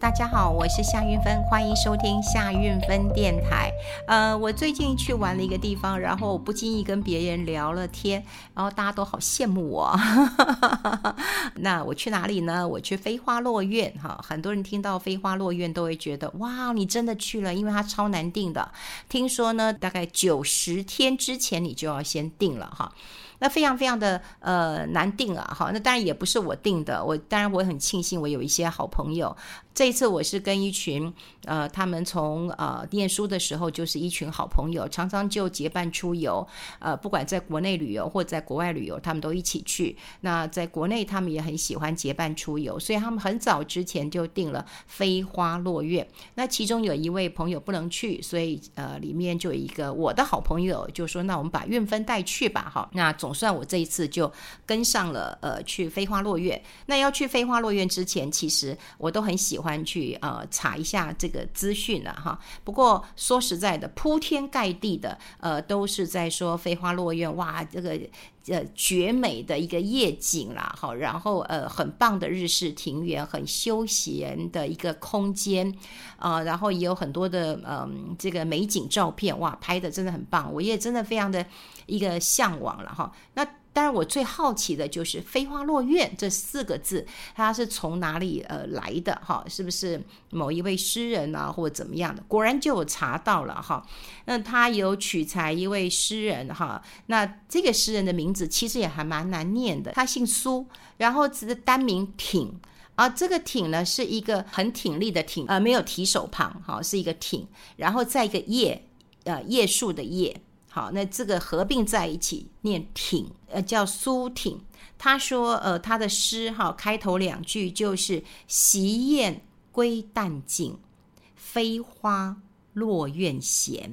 大家好，我是夏雲芬，歡迎收聽夏雲芬電台。呃，我最近去玩了一個地方，然後不經意跟別人聊了天，然後大家都好羨慕我。 那我去哪裡呢？我去飛花落院。哈。很多人聽到飛花落院都會覺得哇，你真的去了，因為它超難定的。聽說呢，大概九十天之前你就要先定了哈。那非常非常的呃難定啊哈。那當然也不是我定的，我當然我很慶幸我有一些好朋友。這一次我是跟一群呃，他們從呃念書的時候就是一群好朋友，常常就結伴出遊。呃，不管在國內旅遊或在國外旅遊，他們都一起去。那在國內，他們也很喜歡結伴出遊，所以他們很早之前就定了飛花落院。那其中有一位朋友不能去，所以呃，裡面就有一個我的好朋友就說：“那我們把韻芬帶去吧。”哈，那總算我這一次就跟上了。呃，去飛花落院。那要去飛花落院之前，其實我都很喜歡。去呃查一下這個資訊了哈。不過說實在的，鋪天蓋地的呃都是在說飛花落院哇，這個呃絕美的一個夜景啦，好，然後呃很棒的日式庭園，很休閒的一個空間啊、呃，然後也有很多的嗯、呃、這個美景照片哇，拍的真的很棒，我也真的非常的一個向往了哈。那。當然，我最好奇的就是“飛花落院”這四個字，它是從哪裡呃來的？哈，是不是某一位詩人啊，或怎麼樣的？果然就有查到了哈。那他有取材一位詩人哈。那這個詩人的名字其實也還蠻難念的，他姓蘇，然後只是單名挺啊。這個挺呢“挺”呢是一個很挺立的“挺”，呃，沒有提手旁，哈，是一個“挺”，然後再一個“頁”，呃，“頁數”的“頁”。好，那這個合併在一起念挺，呃，叫蘇挺。他說，呃，他的詩哈、哦、開頭兩句就是“夕雁歸但盡，飛花落院閒。”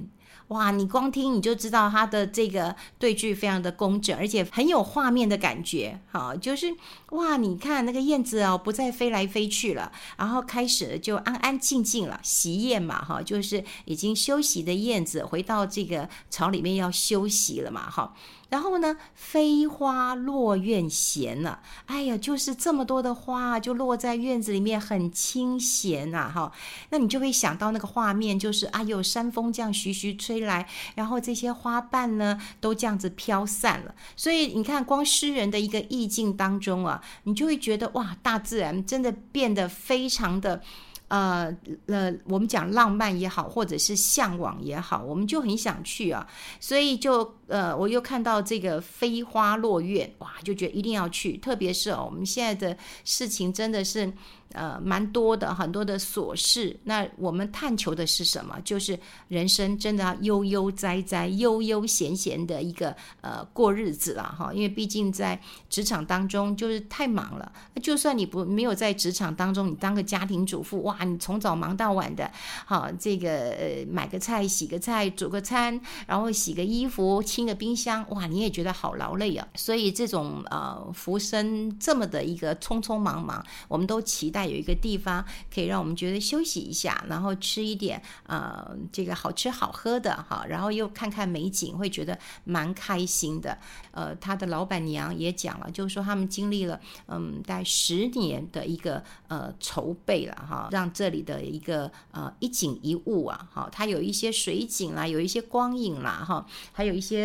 哇，你光聽你就知道它的這個對句非常的工整，而且很有畫面的感覺。哈、哦，就是哇，你看那個燕子哦，不再飛來飛去了，然後開始就安安靜靜了。息燕嘛，哈、哦，就是已經休息的燕子，回到這個巢裡面要休息了嘛，哈、哦。然後呢，飛花落院閒了、啊，哎呀，就是這麼多的花啊，就落在院子裡面，很清閒吶、啊，哈、哦。那你就會想到那個畫面，就是啊，有、哎、山風這樣徐徐吹來，然後這些花瓣呢，都這樣子飄散了。所以你看，光詩人的一個意境當中啊，你就會覺得哇，大自然真的變得非常的，呃，呃，我們講浪漫也好，或者是嚮往也好，我們就很想去啊，所以就。呃，我又看到這個飛花落院，哇，就覺得一定要去。特別是哦，我們現在的事情真的是呃蠻多的，很多的瑣事。那我們探求的是什麼？就是人生真的要悠悠哉哉、悠悠閒閒的一個呃過日子了、啊、哈。因為畢竟在職場當中就是太忙了。那就算你不沒有在職場當中，你當個家庭主婦，哇，你從早忙到晚的，好、啊，這個呃買個菜、洗個菜、煮個餐，然後洗個衣服。新的冰箱哇，你也覺得好勞累啊，所以這種呃浮生這麼的一個匆匆忙忙，我們都期待有一個地方可以讓我們覺得休息一下，然後吃一點啊、呃、這個好吃好喝的哈，然後又看看美景，會覺得蠻開心的。呃，他的老闆娘也講了，就是說他們經歷了嗯，大概十年的一個呃籌備了哈，讓這裡的一個呃一景一物啊，好，它有一些水景啦、啊，有一些光影啦、啊、哈，還有一些。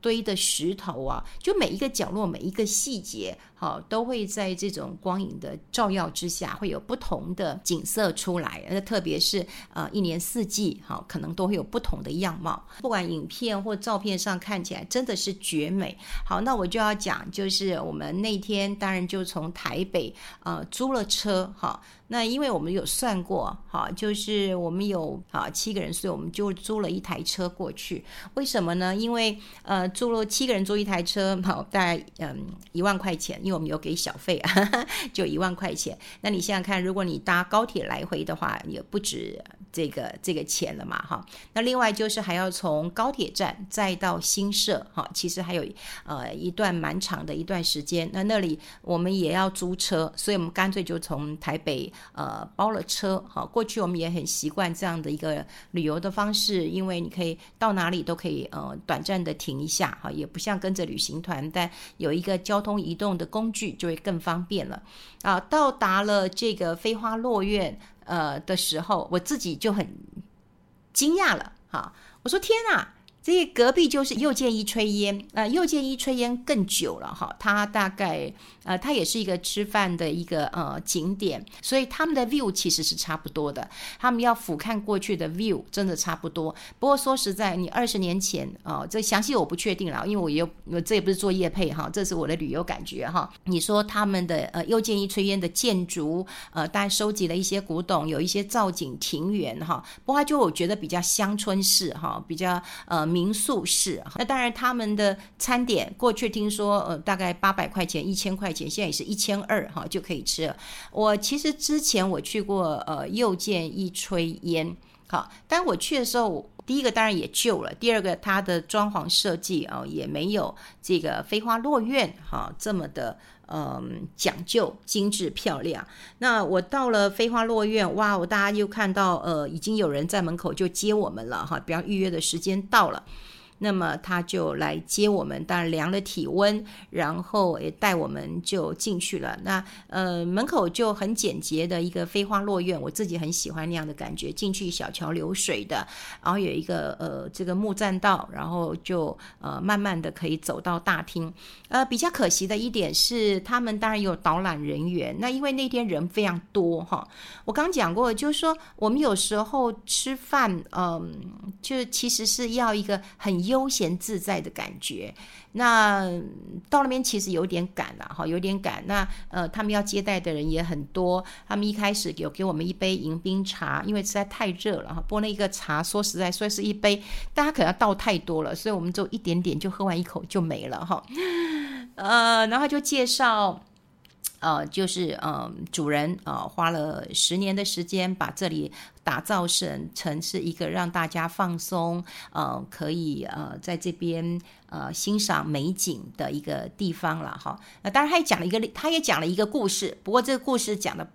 堆的石頭啊，就每一個角落、每一個細節，好，都會在這種光影的照耀之下，會有不同的景色出來。而特別是呃，一年四季，好，可能都會有不同的樣貌。不管影片或照片上看起來，真的是絕美。好，那我就要講，就是我們那天當然就從台北呃租了車，好。那因為我們有算過，好，就是我們有啊七個人，所以我們就租了一台車過去。為什麼呢？因為呃。租了七個人租一台車，好大概嗯一萬塊錢，因為我們有給小費啊呵呵，就一萬塊錢。那你想想看，如果你搭高鐵來回的話，也不止這個這個錢了嘛，哈。那另外就是還要從高鐵站再到新社，哈，其實還有呃一段蠻長的一段時間。那那裡我們也要租車，所以我們乾脆就從台北呃包了車，哈。過去我們也很習慣這樣的一個旅遊的方式，因為你可以到哪裡都可以呃短暫的停一下。哈，也不像跟着旅行團，但有一個交通移動的工具，就會更方便了。啊，到達了這個飛花落院呃的時候，我自己就很驚訝了。哈、啊，我說天哪！所以隔壁就是又見一炊煙，那又見一炊煙更久了哈。它大概呃，它也是一個吃飯的一個呃景點，所以他們的 view 其實是差不多的。他們要俯瞰過去的 view 真的差不多。不過說實在，你二十年前啊、呃，這詳細我不確定了，因為我又我這也不是做業配哈，這是我的旅遊感覺哈、哦。你說他們的呃又見一炊煙的建築，呃，大家收集了一些古董，有一些造景庭園哈、哦，不過就我覺得比較鄉村式哈、哦，比較呃。民宿式，那當然他們的餐點，過去聽說呃大概八百塊錢、一千塊錢，現在也是一千二哈就可以吃了。我其實之前我去過呃又見一炊煙，好、哦，但我去的時候。第一個當然也舊了，第二個它的裝潢設計啊也沒有這個飛花落院哈這麼的嗯講究精緻漂亮。那我到了飛花落院，哇，我大家就看到呃已經有人在門口就接我們了哈，比方預約的時間到了。那麼他就來接我們，當然量了體溫，然後也帶我們就進去了。那呃門口就很簡潔的一個飛花落院，我自己很喜歡那樣的感覺。進去小橋流水的，然後有一個呃這個木棧道，然後就呃慢慢的可以走到大廳。呃比較可惜的一點是，他們當然有導覽人員，那因為那天人非常多哈。我剛講過，就是說我們有時候吃飯，嗯、呃，就其實是要一個很。悠閒自在的感覺，那到那邊其實有點趕了哈，有點趕。那呃，他們要接待的人也很多，他們一開始有給我們一杯迎賓茶，因為實在太熱了哈，撥了一個茶。說實在，說是一杯，大家可能要倒太多了，所以我們就一點點就喝完一口就沒了哈。呃，然後就介紹。呃，就是嗯、呃，主人啊、呃，花了十年的時間把這裡打造成成是一個讓大家放鬆，呃，可以呃，在這邊呃欣賞美景的一個地方了哈。那當然，他也講了一個，他也講了一個故事，不過這個故事講的。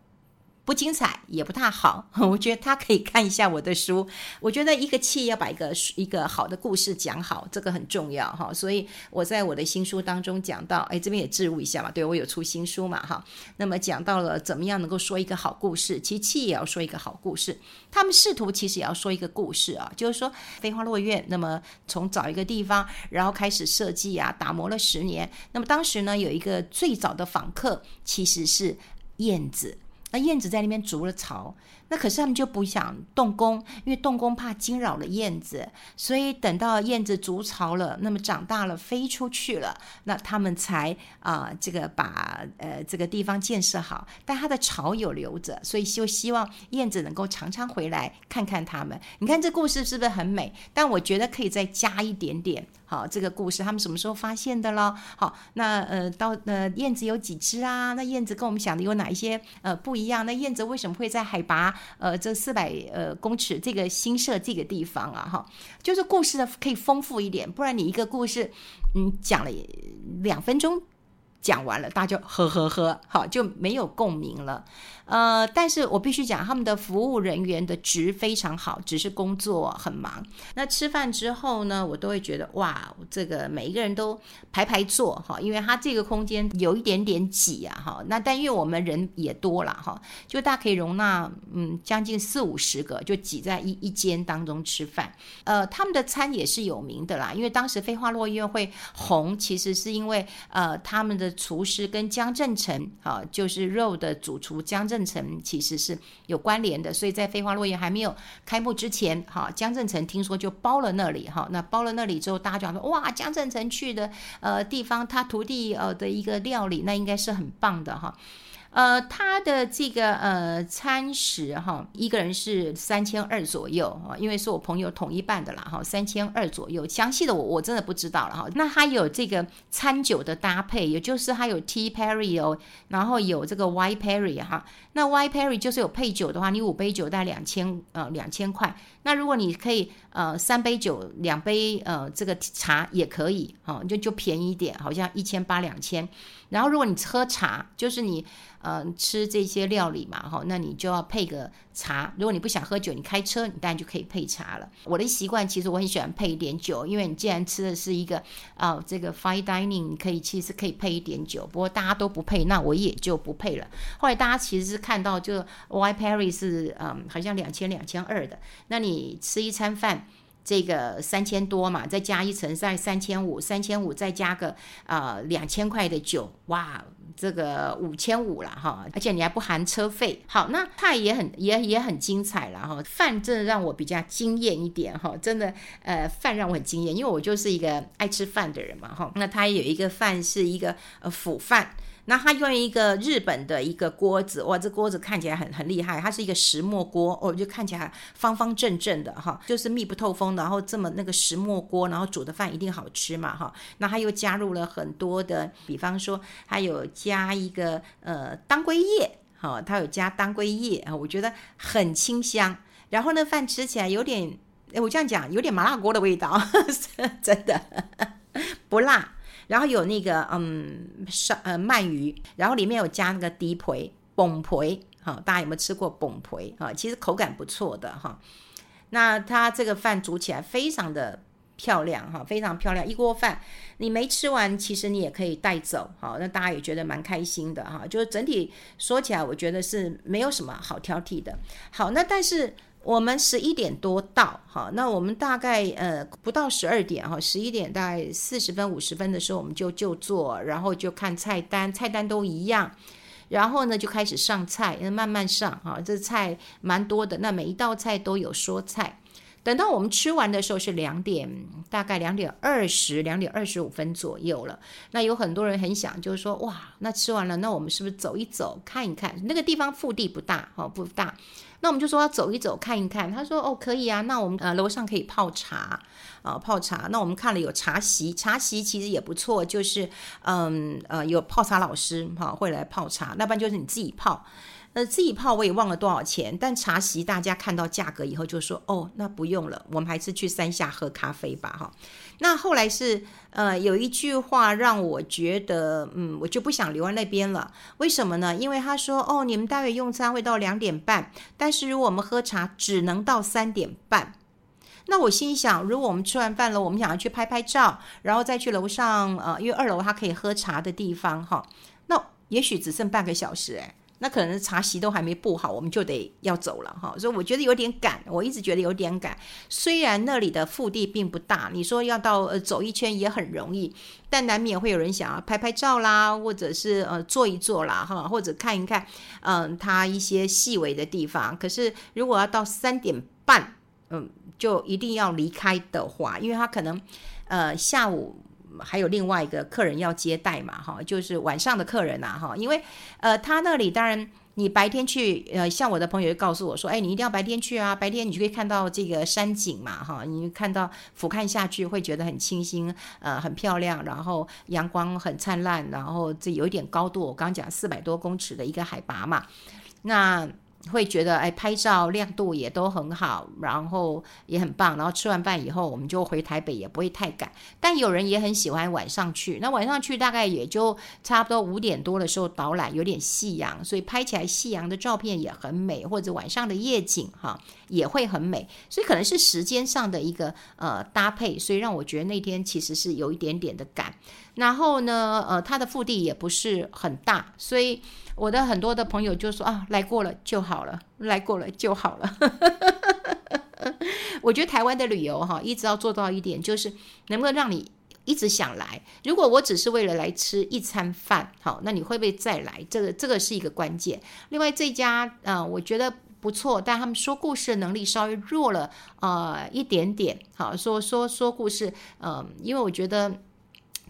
不精彩也不太好，我覺得他可以看一下我的書。我覺得一個企業要把一個一個好的故事講好，這個很重要哈、哦。所以我在我的新書當中講到，哎，這邊也置入一下嘛，對我有出新書嘛哈、哦。那麼講到了怎麼樣能夠說一個好故事，其實企業也要說一個好故事。他們試圖其實也要說一個故事啊，就是說飛花落院，那麼從找一個地方，然後開始設計啊，打磨了十年。那麼當時呢，有一個最早的訪客其實是燕子。那燕子在那邊築了巢，那可是他們就不想動工，因為動工怕驚擾了燕子，所以等到燕子築巢了，那麼長大了飛出去了，那他們才啊、呃、這個把呃這個地方建設好，但它的巢有留着，所以就希望燕子能夠常常回來看看他們。你看這故事是不是很美？但我覺得可以再加一點點。好，這個故事他們什麼時候發現的咯？好，那呃到呃燕子有幾隻啊？那燕子跟我們想的有哪一些呃不一樣的？一樣，那燕子為什麼會在海拔呃這四百呃公尺這個新社這個地方啊？哈，就是故事呢可以豐富一點，不然你一個故事，嗯，講了兩分鐘講完了，大家就呵呵呵，好就沒有共鳴了。呃，但是我必須講，他們的服務人員的質非常好，只是工作很忙。那吃飯之後呢，我都會覺得哇，這個每一個人都排排坐哈，因為他這個空間有一點點擠啊哈。那但因為我們人也多啦哈，就大概可以容納嗯將近四五十個，就擠在一一間當中吃飯。呃，他們的餐也是有名的啦，因為當時飛花落院會紅，其實是因為呃他們的廚師跟江振誠哈，就是肉的主廚江振誠。其實是有關聯的，所以在《飛花落院》還沒有開幕之前，哈，江振誠聽說就包了那裡，哈，那包了那裡之後，大家講說，哇，江振誠去的呃地方，他徒弟呃的一個料理，那應該是很棒的，哈。呃，他的這個呃餐食，哈，一個人是三千二左右啊，因為是我朋友統一辦的啦哈，三千二左右，詳細的我我真的不知道了哈。那他有這個餐酒的搭配，也就是他有 Tea Pairing 哦，然後有這個 Wine Pairing 哈。那 Wine Pairing 就是有配酒的話，你五杯酒大概兩千呃兩千塊。那如果你可以。呃，三杯酒，兩杯呃，這個茶也可以，哈、哦，就就便宜一點，好像一千八兩千。然後，如果你喝茶，就是你嗯、呃、吃這些料理嘛，哈、哦，那你就要配個，茶，如果你不想喝酒，你開車，你當然就可以配茶了。我的習慣，其實我很喜歡配一點酒，因為你既然吃的是一個啊、呃、這個 fine dining，你可以其實可以配一點酒，不過大家都不配，那我也就不配了。後來大家其實是看到就 wine pairing 是嗯，好像兩千兩千二的，那你吃一餐飯，這個三千多嘛，再加一層再三千五，三千五再加個呃兩千塊的酒，哇，這個五千五了哈，而且你還不含車費。好，那菜也很也也很精彩了哈，飯真的讓我比較驚艷一點哈，真的呃飯讓我很驚艷，因為我就是一個愛吃飯的人嘛哈。那他有一個飯是一個呃腐飯。那他用一個日本的一個鍋子，哇，這鍋子看起來很很厲害，它是一個石磨鍋，哦，就看起來方方正正的哈、哦，就是密不透風，然後這麼那個石磨鍋，然後煮的飯一定好吃嘛哈。那、哦、他又加入了很多的，比方說他有加一個呃當歸葉，哈、哦，他有加當歸葉啊，我覺得很清香。然後呢，飯吃起來有點，誒我這樣講有點麻辣鍋的味道，呵呵真的不辣。然後有那個嗯，燒呃鰻魚，然後裡面有加那個低培、崩培，哈、哦，大家有沒有吃過崩培、哦、其實口感不錯的哈、哦。那它這個飯煮起來非常的漂亮哈、哦，非常漂亮，一鍋飯你沒吃完，其實你也可以帶走，哈、哦，那大家也覺得蠻開心的哈、哦。就是整體說起來，我覺得是沒有什麼好挑剔的。好，那但是。我們十一點多到，哈，那我們大概呃不到十二點哈，十一點大概四十分五十分的時候我們就就坐，然後就看菜單，菜單都一樣，然後呢就開始上菜，那慢慢上，哈，這菜蠻多的，那每一道菜都有說菜。等到我們吃完的時候是兩點，大概兩點二十、兩點二十五分左右了。那有很多人很想，就是說，哇，那吃完了，那我們是不是走一走，看一看。那個地方腹地不大，哈，不大。那我們就說要走一走，看一看。他說，哦，可以啊。那我們呃，樓上可以泡茶，啊，泡茶。那我們看了有茶席，茶席其實也不錯，就是，嗯，呃，有泡茶老師哈會來泡茶，那不然就是你自己泡。呃，自己泡我也忘了多少錢，但茶席大家看到價格以後就說：“哦，那不用了，我們還是去山下喝咖啡吧。哦”哈，那後來是呃，有一句話讓我覺得，嗯，我就不想留在那邊了。為什麼呢？因為他說：“哦，你們待會用餐會到兩點半，但是如果我們喝茶只能到三點半。”那我心想，如果我們吃完飯了，我們想要去拍拍照，然後再去樓上，呃，因為二樓它可以喝茶的地方，哈、哦，那也許只剩半個小時誒，哎。那可能茶席都還沒布好，我們就得要走了哈，所以我覺得有點趕，我一直覺得有點趕。雖然那裡的腹地並不大，你說要到呃走一圈也很容易，但難免會有人想要拍拍照啦，或者是呃坐一坐啦哈，或者看一看嗯它、呃、一些細微的地方。可是如果要到三點半，嗯、呃，就一定要離開的話，因為它可能呃下午。還有另外一個客人要接待嘛，哈，就是晚上的客人吶，哈，因為呃，他那裡當然你白天去，呃，像我的朋友就告訴我說，哎，你一定要白天去啊，白天你就可以看到這個山景嘛，哈，你看到俯瞰下去會覺得很清新，呃，很漂亮，然後陽光很燦爛，然後這有一點高度，我剛講四百多公尺的一個海拔嘛，那。會覺得誒、哎，拍照亮度也都很好，然後也很棒。然後吃完飯以後，我們就回台北，也不會太趕。但有人也很喜歡晚上去，那晚上去大概也就差不多五點多的時候，導覽有點夕陽，所以拍起來夕陽的照片也很美，或者晚上的夜景哈、啊、也會很美。所以可能是時間上的一個呃搭配，所以讓我覺得那天其實是有一點點的趕。然後呢，呃，它的腹地也不是很大，所以。我的很多的朋友就說啊，來過了就好了，來過了就好了。 我覺得台灣的旅遊哈，一直要做到一點，就是能不能讓你一直想來。如果我只是為了來吃一餐飯，好，那你會不會再來？這個這個是一個關鍵。另外這家啊，我覺得不錯，但他們說故事的能力稍微弱了呃一點點。好，說說說故事，嗯，因為我覺得。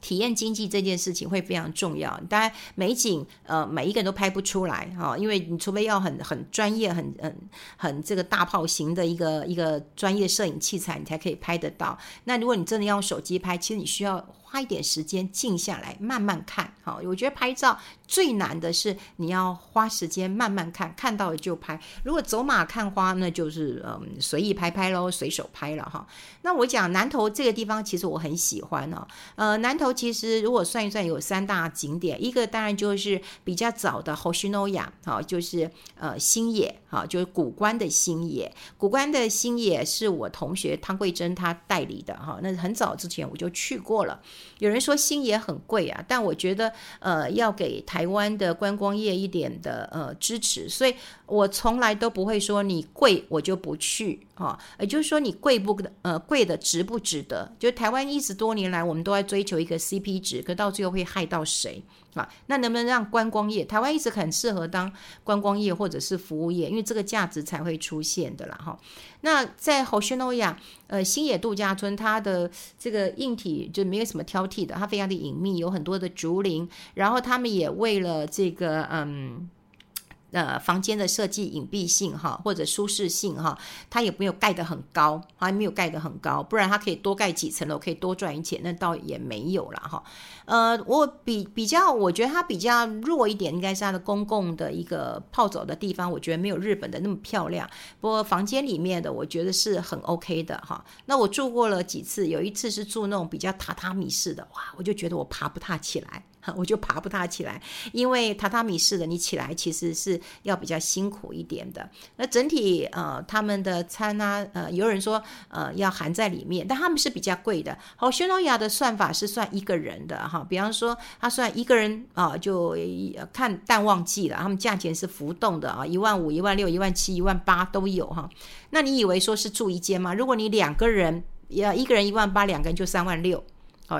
體驗經濟這件事情會非常重要，當然美景呃每一個人都拍不出來哈、哦，因為你除非要很很專業、很很很這個大炮型的一個一個專業攝影器材，你才可以拍得到。那如果你真的要用手機拍，其實你需要花一點時間靜下來，慢慢看哈、哦。我覺得拍照最難的是你要花時間慢慢看，看到了就拍。如果走馬看花，那就是嗯、呃、隨意拍拍咯，隨手拍了哈、哦。那我講南投這個地方，其實我很喜歡哦，呃南投。其實如果算一算，有三大景點，一個當然就是比較早的 Hoshinoya，好，就是呃星野，好，就是谷關的星野。谷關的星野是我同學湯桂珍他代理的，哈，那很早之前我就去過了。有人說星野很貴啊，但我覺得呃要給台灣的觀光業一點的呃支持，所以我從來都不會說你貴我就不去，啊，也就是說你貴不呃貴的值不值得？就台灣一直多年來我們都在追求一個。CP 值，可到最後會害到誰啊？那能不能讓觀光業？台灣一直很適合當觀光業或者是服務業，因為這個價值才會出現的啦。哈，那在虹夕諾雅，呃，新野度假村，它的這個硬體就沒有什麼挑剔的，它非常的隱秘，有很多的竹林，然後他們也為了這個，嗯。呃，房間的設計隱蔽性哈，或者舒適性哈，它也沒有蓋得很高，它也沒有蓋得很高，不然它可以多蓋幾層樓，可以多賺一點，那倒也沒有啦。哈。呃，我比比較，我覺得它比較弱一點，應該是它的公共的一個泡澡的地方，我覺得沒有日本的那麼漂亮。不過房間裡面的，我覺得是很 OK 的哈。那我住過了幾次，有一次是住那種比較榻榻米式的，哇，我就覺得我爬不太起來。我就爬不太起來，因為榻榻米式的你起來其實是要比較辛苦一點的。那整體呃，他們的餐啊，呃有人說呃要含在裡面，但他們是比較貴的。好，虹夕諾雅的算法是算一個人的哈，比方說他算一個人啊、呃，就看淡旺季了，他們價錢是浮動的啊，一萬五、一萬六、一萬七、一萬八都有哈。那你以為說是住一間嗎？如果你兩個人，要一個人一萬八，兩個人就三萬六。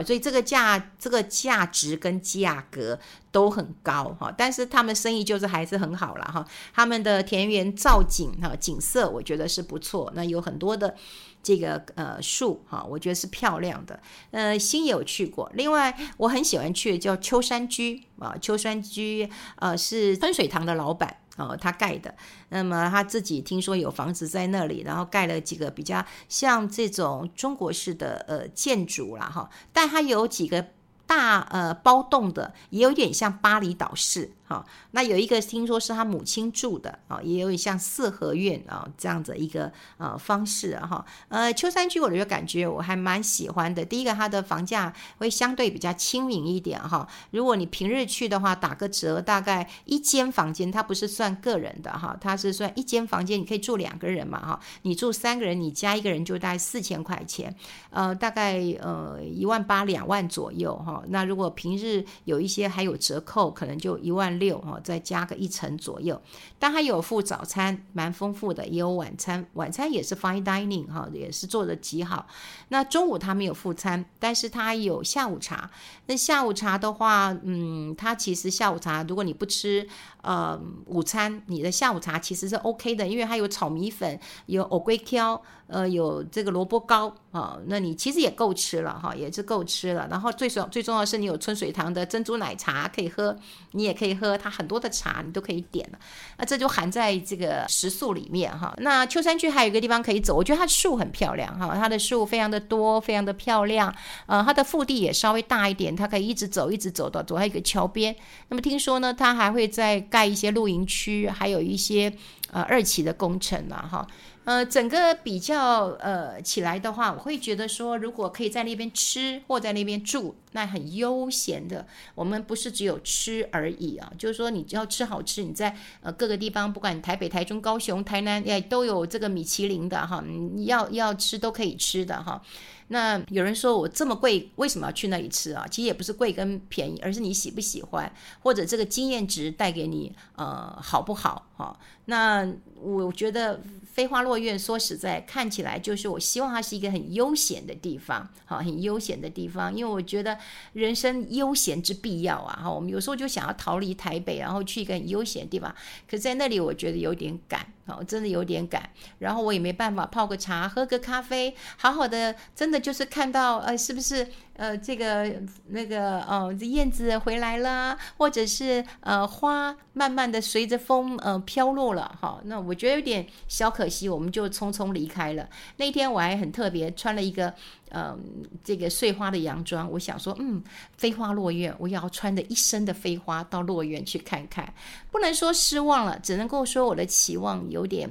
所以這個價，這個價值跟價格都很高哈，但是他們生意就是還是很好了哈。他們的田園造景哈，景色我覺得是不錯，那有很多的這個呃樹哈，我覺得是漂亮的。呃，新也有去過。另外我很喜歡去叫秋山居啊，秋山居呃是春水堂的老闆。哦，他蓋的，那麼他自己聽說有房子在那裡，然後蓋了幾個比較像這種中國式的呃建築啦，哈、哦，但它有幾個大呃包棟的，也有點像巴厘島式。好，那有一個聽說是他母親住的啊，也有點像四合院啊這樣子一個呃方式啊哈。呃，秋山居我就感覺我還蠻喜歡的。第一個，它的房價會相對比較親民一點哈。如果你平日去的話，打個折，大概一間房間，它不是算個人的哈，它是算一間房間，你可以住兩個人嘛哈。你住三個人，你加一個人就大概四千塊錢，呃，大概呃一萬八兩萬左右哈。那如果平日有一些還有折扣，可能就一萬。六哈，再加個一成左右。但它有附早餐，蠻豐富的，也有晚餐，晚餐也是 fine dining 哈，也是做得極好。那中午他沒有附餐，但是他有下午茶。那下午茶的話，嗯，他其實下午茶如果你不吃。呃、嗯，午餐你的下午茶其實是 OK 的，因為它有炒米粉，有藕桂條，呃，有這個蘿蔔糕啊、哦，那你其實也夠吃了哈，也是夠吃了。然後最重最重要是你有春水堂的珍珠奶茶可以喝，你也可以喝它很多的茶，你都可以點了。那這就含在這個食宿裡面哈。那秋山居還有一個地方可以走，我覺得它的樹很漂亮哈，它的樹非常的多，非常的漂亮。呃，它的腹地也稍微大一點，它可以一直走，一直走到走到一個橋邊。那麼聽說呢，它還會在。蓋一些露營區，還有一些呃二期的工程嘛，啊，哈，呃，整個比較呃起來的話，我會覺得說，如果可以在那邊吃或在那邊住。那很悠閒的，我們不是只有吃而已啊，就是說你要吃好吃，你在呃各個地方，不管台北、台中、高雄、台南也都有這個米其林的哈，你要要吃都可以吃的哈。那有人說我這麼貴，為什麼要去那裡吃啊？其實也不是貴跟便宜，而是你喜不喜歡，或者這個經驗值帶給你呃好不好哈。那我覺得飛花落院說實在，看起來就是我希望它是一個很悠閒的地方，哈，很悠閒的地方，因為我覺得。人生悠閒之必要啊！哈，我們有時候就想要逃離台北，然後去一個很悠閒的地方。可是在那裡，我覺得有點趕。好，真的有點趕，然後我也沒辦法泡個茶，喝個咖啡，好好的，真的就是看到呃，是不是呃這個那個哦、呃，燕子回來了，或者是呃花慢慢的隨着風呃飄落了，哈，那我覺得有點小可惜，我們就匆匆離開了。那天我還很特別，穿了一個嗯、呃、這個碎花的洋裝，我想說，嗯，飛花落院，我要穿的一身的飛花到落院去看看，不能說失望了，只能夠說我的期望。有點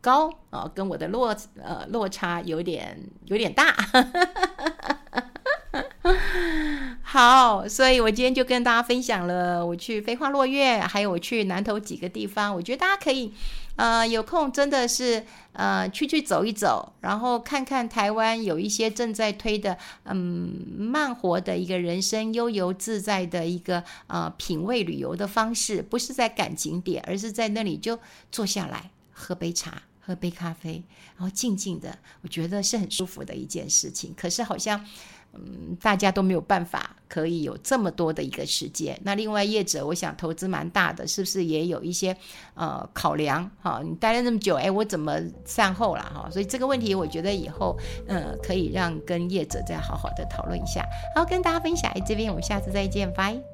高啊，哦，跟我的落呃落差有點有點大。 好，所以我今天就跟大家分享了，我去飛花落院，還有我去南投幾個地方，我覺得大家可以呃有空真的是呃去去走一走，然後看看台灣有一些正在推的嗯慢活的一個人生悠游自在的一個、呃、品味旅遊的方式，不是在趕景點，而是在那裡就坐下來。喝杯茶，喝杯咖啡，然後靜靜的，我覺得是很舒服的一件事情。可是好像，嗯，大家都沒有辦法可以有這麼多的一個時間。那另外業者，我想投資蠻大的，是不是也有一些呃考量？哈、啊，你待了那麼久，哎，我怎麼善後了？哈、啊，所以這個問題，我覺得以後嗯、呃，可以讓跟業者再好好的討論一下。好，跟大家分享，哎，這邊我們下次再見，拜。